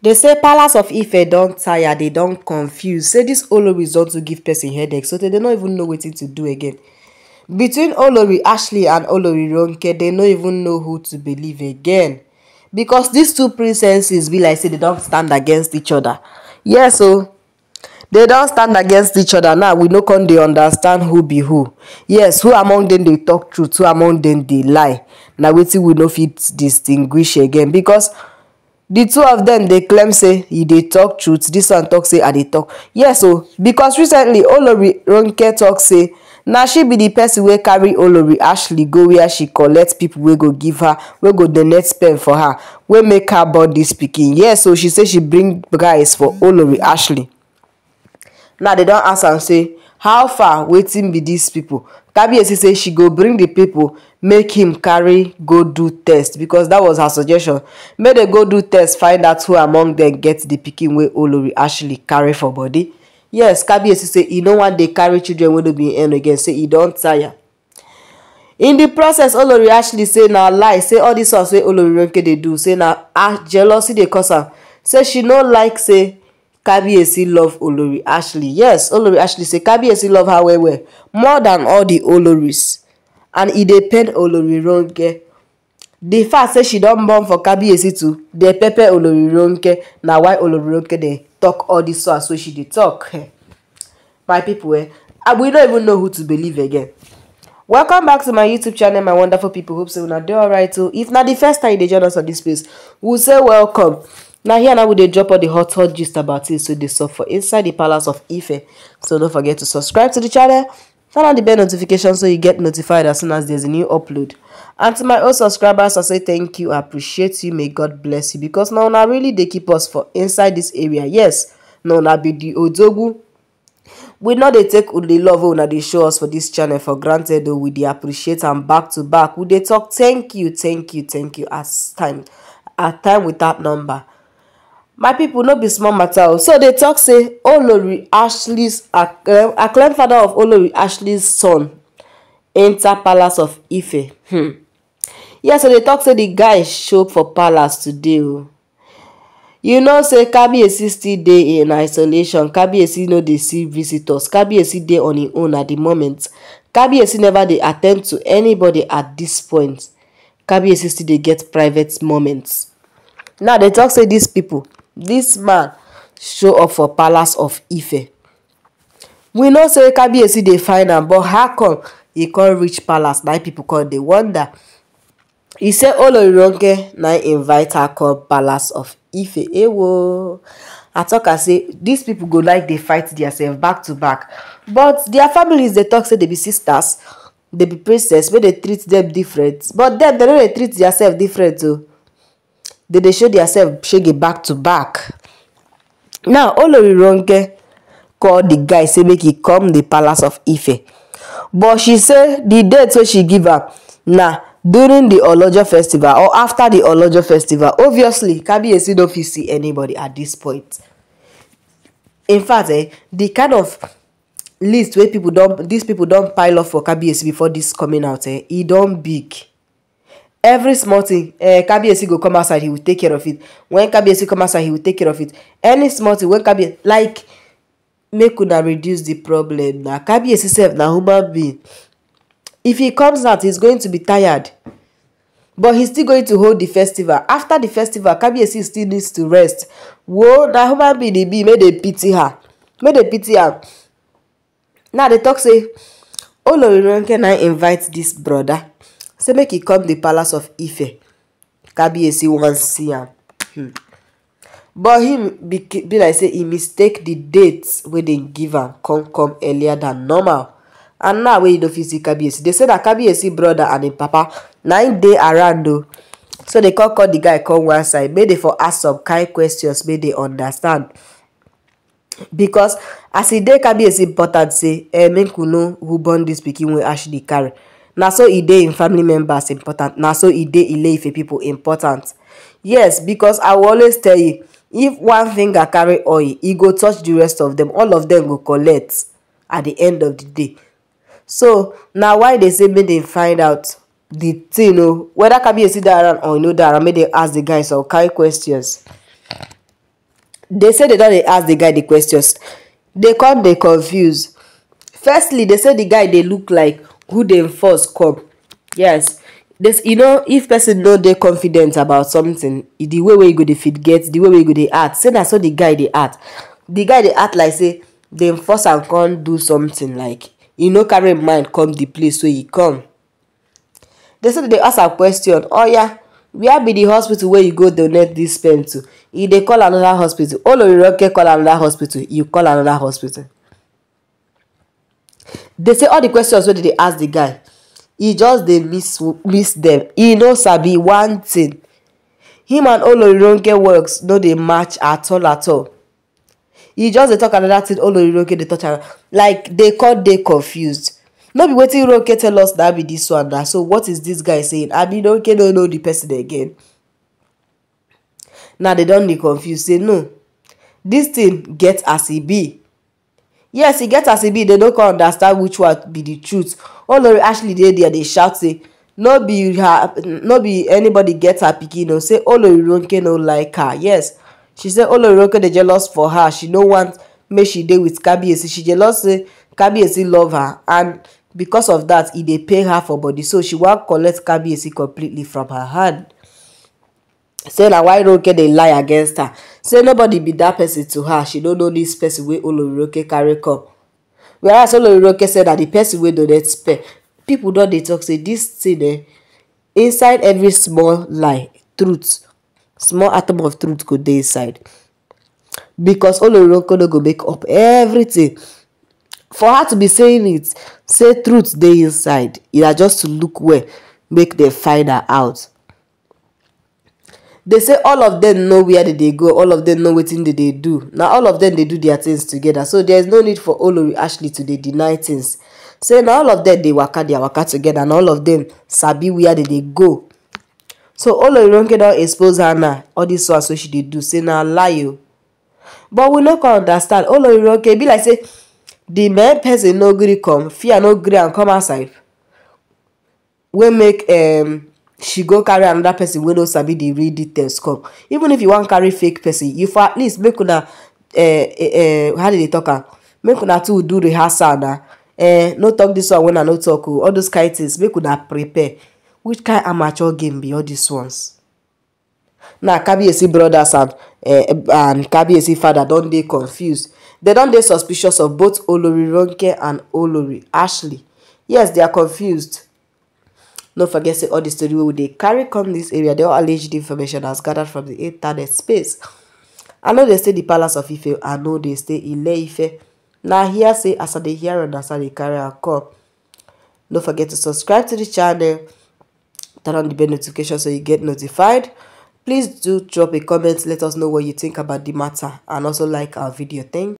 They say palace of ife don't tire they don't confuse say this olori don too give person headache sotey dey no even know what to do again between olori ashley and olori ronke dey no even know who to believe again because these two princesses be like say they don't stand against each other yes o oh. they don't stand against each other now we know can they understand who be who yes who among them they talk truth who among them they lie Now we see we no fit distinguish again because The two of them, they claim say he they talk truth This one tok say i they talk. yes oh, because recently olori ronke tok say now she be the person where carry olori ashley go where she collects people where go give her where go donate pen for her where make her body speaking. yes o oh, she say she bring guys for olori ashley now they don't ask and say how far waiting be these people kabiyesi say she go bring di pipo make him carry go do test becos dat was her suggestion make dem go do test find out who among dem get di pikin wey olori actually carry for body yes kabiyesi say e no wan dey carry children wey no be im again say e don tire in di process olori actually say na lie say all dis ones wey olori ronke dey do say na ah, jealousy dey cause am say she no like say kabiyesi love olori ashley yes olori ashley say kabiyesi love her well well more than all the oloris and e dey pain olori ronke The fact say she don born for kabiyesi too dey pepper olori ronke na why olori ronke dey talk all this so as wey she dey talk, eh? my people eh we no even know who to believe again welcome back to my youtube channel my wonderful people hope say una dey alright o if na the first time you dey join us on this place we say welcome Now here now we dey drop all the hot hot gist about it so they suffer inside the palace of ife so don't forget to subscribe to the channel turn on the bell notification so you get notified as soon as there's a new upload and to my old subscribers i say thank you i appreciate you may god bless you because now now really they keep us for inside this area yes now now be the odogwu we know they take the love when they show us for this channel for granted Though we dey appreciate and back to back we they talk thank you thank you thank you as time at time without number my people no be small matter o so they talk say olori ashley's acclaimed eh, father of olori ashley's son enter palace of ife hmm yes so they talk say the guy show for palace today Oh, you know say kabiyesi still day in isolation kabiyesi no dey see visitors kabiyesi day on his own at the moment kabiyesi never they attend to anybody at this point kabiyesi still they get private moments now they talk say these people dis man show up for palace of ife we know say kabiyesi dey find am but how come e come reach palace na pipo come dey wonder e say oloronke na invite her come palace of ife ewo i talk am say dis pipo go like dey fight diasef back to back but dia families dey talk say dey be sisters dey be princess wey dey treat dem different but dem dem no dey treat diasef different o oh. They dey show diasef shege back to back now olorirunke call di guy say make e come di palace of ife but she say di date wey she give am na during di olojo festival or afta di olojo festival obviously kabiyesi no fit see anybody at dis point in fact eh, di kind of list wey pipo don dis pipo don pile up for kabiyesi before dis coming out eh, e don big every small thing uh, eh, kabiyesi go come outside he will take care of it when kabiyesi come outside he will take care of it any small thing when kabiyesi like make una reduce the problem na kabiyesi sef na human being if he comes out he's going to be tired but he's still going to hold the festival after the festival kabiyesi still needs to rest wo na human being e be make dem pity her make dem pity am now nah, dey talk say olori oh, ronke na invite dis brother say make he come the palace of ife kabiyesi wan see am hmm. but him be, be like say he mistake the dates wey they give him come come earlier than normal and now when you no fit see kabiyesi dey say na kabiyesi brother and his papa nine day around o so they call call the guy come one side Maybe dey for ask some kind questions Maybe dey understand because as e dey kabiyesi important say eh, make we know who born dis pikin wey ashley carry Naso so e family members important Naso so e dey ileife important yes because i will always tell you if one finger carry oil e go touch the rest of them. all of them go collect at the end of the day so now, why they say me they find out the you oh. know whether can be a sit around or you know that around make dem ask the guys or kind questions They say dem don dey ask the guy the questions They come they confuse firstly they say the guy they look like who dem force come yes this you know if person no they confident about something the way wey you e go dey fit get the way wey you e go dey act say na so the guy dey act the guy dey act like say dem force am come do something like you e know carry im mind come the place wey e come they said they ask a question oh, yeah, where be the hospital where you go donate this pen to If they call another hospital all of oloriroke call another hospital you call another hospital They say all the questions wey they ask the guy He just dey miss miss dem e no sabi one thing. him and olorironke works no dey match at all at all He just dey talk another thing olorironke dey touch am like they con dey confused no be wetin ronke tell us na be this one na so what is this guy saying abi ronke no know the person again na they don dey confused say no This thing get as e be yes e get as e be dem no come understand which one be the truth olori actually dey there dey shout say no be her no be anybody get her pikin No, say oloronke oh, no like her yes she say oloronke oh, dey jealous for her she no want make she dey with kabiyesi she jealous say kabiyesi love her and because of that e dey pain her for body so she wan collect kabiyesi completely from her hand say na why Ronke dey lie against her say nobody be dat person to her she no know dis person wey oloriroke carry come whereas oloriroke say na di person wey don expect pipo don dey tok say dis thing eh inside every small lie truth small atom of truth go dey inside because oloriroke no go make up everything for her to be saying it say truth dey inside e na just to look well make dem find her out They say all of them know where dem they go all of them know wetin dem they do Now all of them they do their tins together, so there is no need for olori ashley to dey deny tins say now all of them they work out, waka work out together, and all of them sabi where dem they go so Olori oloronke don expose her now all dis ones wey she dey do say now lie you. but we no come understand oloronke e be like say the main person no gree come fear no gree and come outside wey make um she go carry another person wey no sabi di real details come even if you wan carry fake person you for at least make una eh, eh, eh, how do they talk am make una too do rehearsal na eh no talk this one when i no talk o oh. all those kind things make una prepare which kind amateur game be all these ones now kabiyesi brothers and and kabiyesi father don dey confused They don dey suspicious of both olori ronke and olori ashley yes they are confused Don't forget say all the story wey we dey carry come this area They all alleged information has gathered from di internet space i know they stay the palace of ife i know they stay ile ife Now here say as they hear and as they carry a come Don't forget to subscribe to the channel turn on the bell notification so you get notified please do drop a comment let us know what you think about the matter and also like our video thank